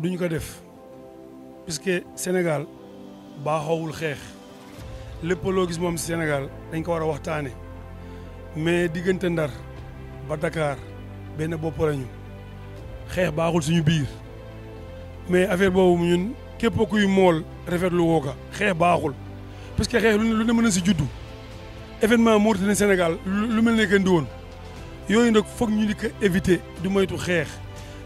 duñ ko def puisque Sénégal baaxawul xeex lépp loo gis moom Sénégal dañ ko war a waxtaane mais diggante Ndar ba Dakar benn bopp lañu xeex baaxul suñu biir mais affaire boobu ñun képp kuy mool rafetlu woo ko xeex baaxul parce que xeex lu ne mën na si juddu événement Mauritanie Sénégal lu mel ne kenn di woon yooyu nag foog ñu di ko éviter du moytu xeex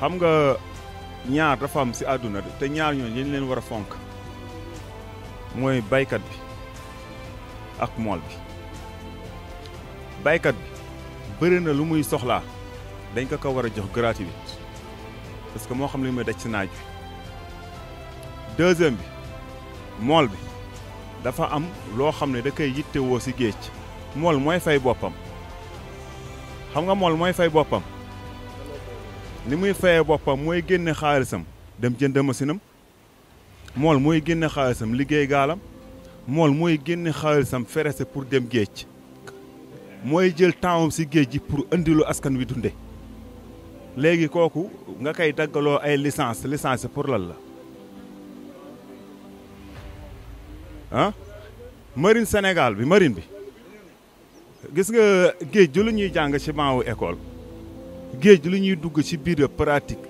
xam nga ñaar dafa am si àdduna te ñaar ñoo dañ leen war a fonk mooy baykat bi ak mool bi baykat bi bëri na lu muy soxlaa dañ ko ko war a jox bi parce que moo xam li muy daj si naaj bi deuxième bi mool bi dafa am loo xam ne da koy yittewoo si géej mool mooy fay boppam xam nga mool mooy fay boppam li muy fayee boppam mooy génne xaalisam dem jënd masinam mool mooy génne xaalisam liggéey gaalam mool mooy génne xaalisam ferese pour dem géej mooy jël tempsam si géej gi pour indilu askan wi dunde léegi kooku nga koy daggaloo ay licence licence pour lan la ah marine Sénégal bi marine bi gis nga géej ju lu ñuy jàng ci maawu école géej lu ñuy dugg ci biir pratique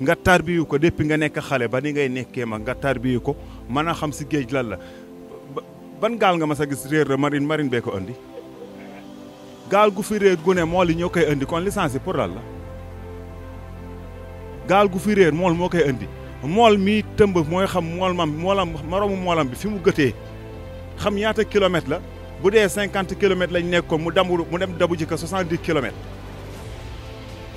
nga tarbiyu ko depuis nga nekk xale ba ni ngay nekkee mag nga tarbiyu ko mën a xam ci géej lan la ban gaal nga mas a gis réer marine marine bee ko andi gaal gu fi réer gu ne mool ñoo koy andi kon licence yi pour lan la gaal gu fi réer mool moo koy andi mool mii tëmb mooy xam mool mam moolam moroomu moolam bi fi mu gëtee xam ñaata kilomètre la bu dee cinquante kilomètres lañ nekkoon mu dambu mu dem dabu ji ko soixante-dix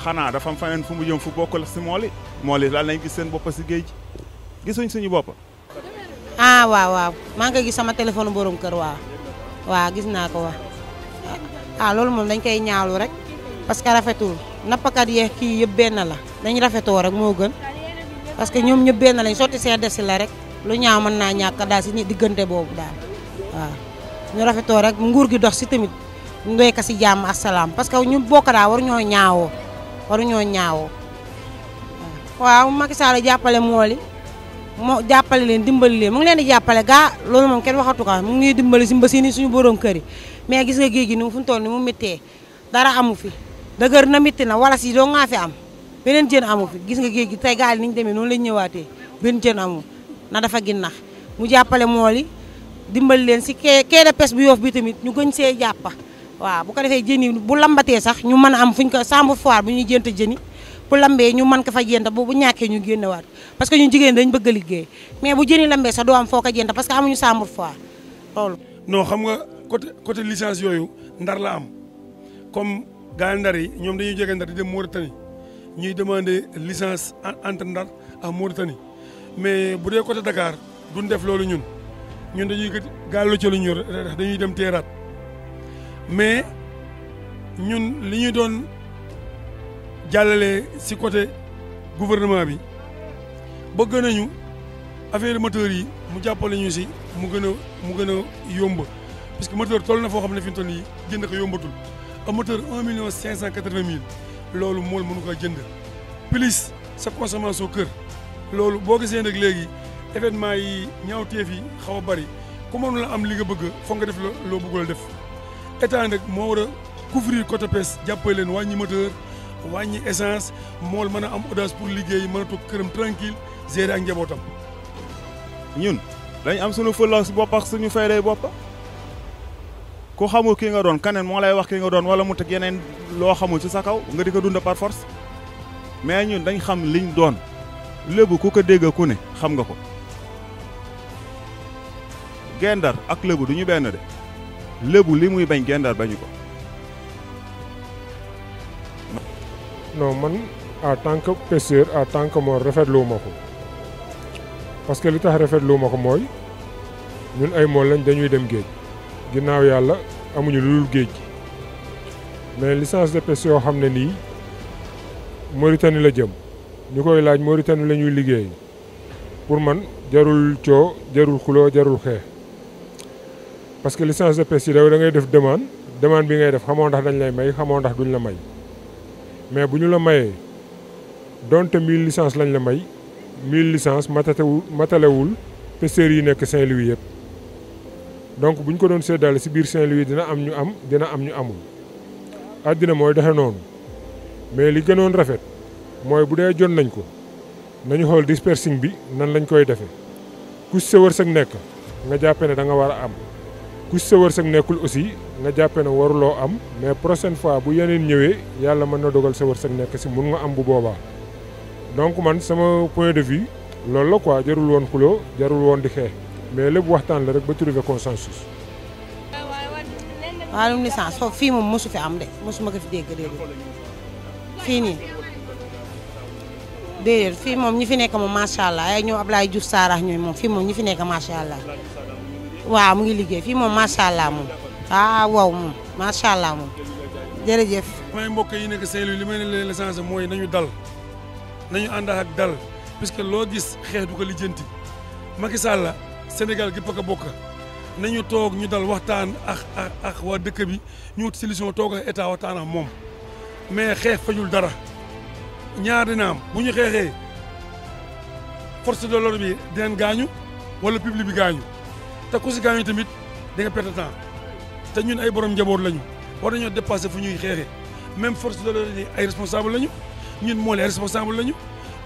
xana dafa am fanen fu mu jëm fu bokkul si mool moli mool yi gis seen bop ci geej gisuñ suñu bop ah waaw waaw ma nga gis sama téléphone borom kër waaw waaw gis na ko wa ah, ah loolu mom dañ koy ñaawlu rek parce que rafetul nappkat ye ki yëpp benn la dañ rafeto rek mo gën parce que ñom ñëpp benn lañ soti see dess la rek lu ñaaw mën naa ñàkk daal si digënté boobu daal waaw ñu rafeto rek nguur gi dox ci tamit ndoy ka si jàmm parce que ñu bokk da war ñoo ñaawoo waruñoo ñaawoo waaw Macky Sall jàppale mool yi moo jàppale leen dimbali leen mu ngi leen di jàppale gaa loolu moom kenn waxatu ko mu ngi dimbali si mbasi ni suñu borom kër yi mais gis nga géej gi ni fu mu toll ni mu méttee dara amu fi dëgër na mitti na wala si doo ngaa am beneen jën amu fi gis nga géej gi tey gaal yi ni ñu demee noonu lañ ñëwaatee ben jën amu na dafa ginnax mu jàppale mool yi dimbali leen si quai quai de pêche bu Yoff bi tamit ñu gën see jàppa waaw bu ko defé jën bu lambaté sax ñu mëna am fuñ ko sambu foar bu ñu jënt jëni bu lambé ñu mën ko fa jënd bu bu ñàkkee ñu gënë waat parce que ñu jigéen dañ bëgg a liggéey mais bu jëni lambé sax do am foko ko parce que amuñu sambu foar lool non xam nga côté côté licence yoyu ndar la am comme gaa ndar yi ñoom dañuy jëgë ndar di dem Mauritanie ñuy demander licence entre ndar à Mauritanie mais bu dé côté Dakar duñ def loolu ñun ñun dañuy gàllu ci lu ñu dañuy dem teeraat mais ñun li ñu doon jàllale si côté gouvernement bi bëgg nañu affaire moteur yi mu jàppale ñu si mu gën a mu gën a yomb parce que moteur toll na foo xam ne fi mu toll nii jënd ko yombatul un moteur un million cinq cent quatre-vingt mille loolu mool mënu ko jënd plus sa consommation kër loolu boo gisee nag léegi événement yi ñaawteef yi xaw a bari ku mënu la am li nga bëgg foog nga def loo bëggul def état nak mo wara couvrir côté pes jàppale len wañi moteur wañi essence mool mën am audace pour liggéey mën tok kërëm tranquille géré ak njabootam. ñun dañ am suñu fëla bopp ak suñu fayday bopp ko xamul ki nga doon kaneen moo lay wax ki nga doon wala mu teg yeneen loo xamul ci sa kaw nga di ko dund par force mais ñun dañ xam liñ doon lébu ku ko dégg ku ne xam nga ko gendar ak lébu duñu ñu benn de lébu li muy bañ gendaar bañu ko. non man en tant que pêcheur en tant que rafetlu ma ko parce que li tax rafetlu ma ko mooy ñun ay mool lañ dañuy dem géej ginnaaw yàlla amuñu lu dul géej gi mais licence de pêche yoo xam ne nii Mauritanie la jëm ñu koy laaj Mauritanie la ñuy liggéey pour man jarul coo jarul xuloo jarul xeex. parce que licence de pêche yi da ngay def demande demande bi ngay def xamoo ndax dañ lay may xamoo ndax duñ la may mais bu ñu la mayee donte 1000 licence lañ la may 1000 licence matatewul matalewul pêcheurs yi nekk Saint-Louis yëpp donc bu ñu ko doon séddale si biir Saint-Louis dina am ñu am dina am ñu amul àddina mooy dexe noonu mais li gënoon rafet mooy bu dee jot nañ ko nañu xool dispersing bi nan lañ koy defee ku sa wërsëg nekk nga jàppe ne da nga war a am ku sa wërsëg nekkul aussi nga jappé ne warulo am mais prochaine fois bu yeneen ñëwé yalla mëna dogal sa wërsëg nekk si mun nga am bu boba donc man sama point de vue lool la quoi jarul won kulo jarul won di xé mais lepp waxtaan la rek ba trouver consensus ni licence foofu fi moom musu fi am de ma ko fi dégg dégg fi ni fi mom ñi fi nekk machallah ay Ablaye Diouf ñoy mom fi mom ñi fi nekk machallah waaw mu ngi liggéey fii moom macha allah moom ah waw moom macha allah moom jërëjëf. may mbokk yi nekk saint li may leen l'essence mooy nañu dal nañu ànd ak dal puisque loo gis xeex du ko lijjanti Macky Sall Sénégal gépp a bokk nañu toog ñu dal waxtaan ak ak waa dëkk bi ñu wut solution toog ak état waxtaan moom mais xeex fajul dara ñaar dina am bu ñu xeexee force de bi dinañ gaañu wala public bi gaañu. te ku si gaañu tamit da nga perte temps te ñun ay borom njaboot lañu war ñoo dépassé fu ñuy xeexee même force de l'ordre ay responsable lañu ñun moo ay responsable lañu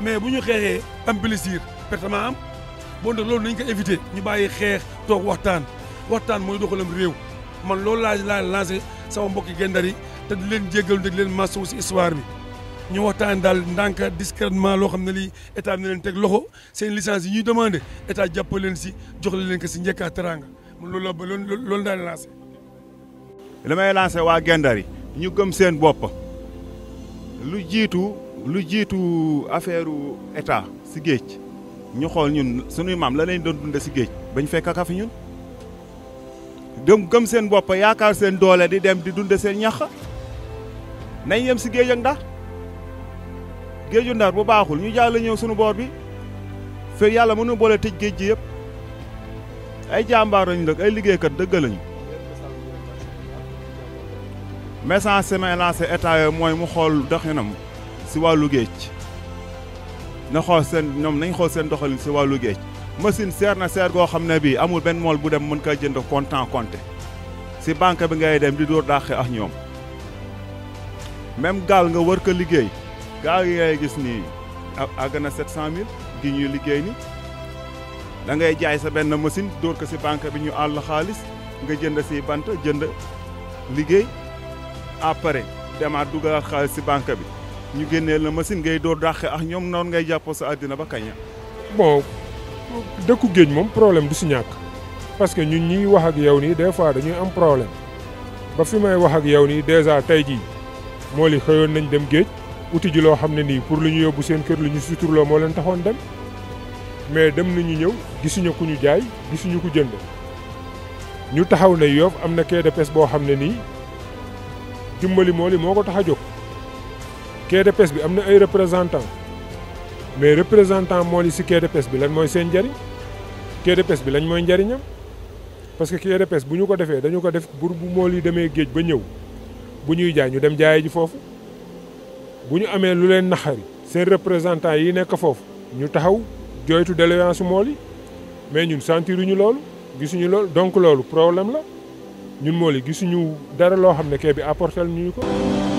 mais bu ñu xeexee am blessure perte ma am bon nag loolu nañ ko éviter ñu bàyyi xeex toog waxtaan waxtaan mooy doxalam réew man loolu laaj laa lancé sama mbokki gendar yi te di leen jéggalu di leen masawu si histoire bi. ñu waxtaan dal ndànk discrètement lo xamné li état ñu leen tek loxo seen licence ñuy demander état jappal leen ci jox leen ko si njëkkaa teraanga loolu la lu daal lancé. le may lancé wa gendari ñu gëm seen bop lu jitu lu jitu affaireu état ci geej ñu xol ñun suñu mam la lañ doon dund ci geej bañ fekk ka fi ñun. dem gëm seen bop yaakar seen doole di dem di dund seen ñax nañ yëm ci geej ak ndax. géeju ndar bu baaxul ñu jàll ñëw sunu boor bi fekk yàlla mënu boole tëj géej gi yëpp ay jàmbaar lañu nag ay liggéeykat dëgg lañu message semai lancé état yooyu mooy mu xool doxinam si wàllu géej na xool seen ñoom nañ xool seen doxalin si wàllu géej machine seer na seer goo xam ne bii amul benn mool bu dem mën kaa jënd kontaan konte si banque bi ngay dem di dóor dàqe ak ñoom même gaal nga wër ko liggéey gaaw yi ngay gis nii àgg na mille gi ñuy liggéey ni da ngay jaay sa benn machine dóor ko si banque bi ñu àll xaalis nga jënd si bant jënd liggéey après demaat dugalaat xaalis si banque bi ñu génnee la machine ngay dóor dàqe ak ñoom noonu ngay jàppoo sa àddina ba kañ bon dëkku géej moom problème du si ñàkk parce que ñun ñuy wax ak yow nii des fois dañuy am problème ba fi may wax ak yow nii dèjà tey jii moo li xëyoon nañ dem géej uti ji loo xam ne nii pour lu ñu yóbbu seen kër lu ñu suturloo moo leen taxoon dem mais dem nañu ñëw gisuñu ku ñu jaay gisuñu ku jënd ñu taxaw ne Yoff am na quai de boo xam ne nii dimbali moo li moo ko tax a jóg quai de bi am na ay représentant mais représentant moo li si quai de bi lan mooy seen njariñ quai de bi lañ mooy njariñam parce que quai bu ñu ko defee dañu ko def pour bu mool yi demee géej ba ñëw bu ñuy jaay ñu dem jaayee ji foofu Si nous avons lu gens, naxari seen représentants nous avons foofu ñu taxaw mais nous sentons, nous gisuñu donc un problème la ñun mool ne bi